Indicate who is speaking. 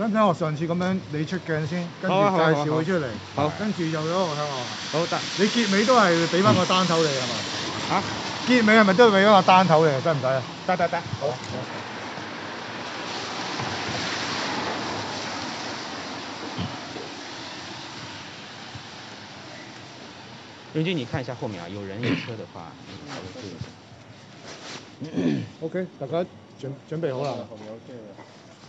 Speaker 1: 使唔使我上次咁樣你出鏡先，跟住介紹佢出嚟，好，跟住又攞個香我，看看我好得。你結尾都係俾翻個單頭嚟係嘛？啊、嗯？結尾係咪都係俾咗個單頭嚟，得唔得啊？得得得。好、
Speaker 2: 啊。榮俊，你看一下後面啊，有人有車嘅話，你睇下會唔會？OK， 大家準準備好啦。後面
Speaker 1: 有車。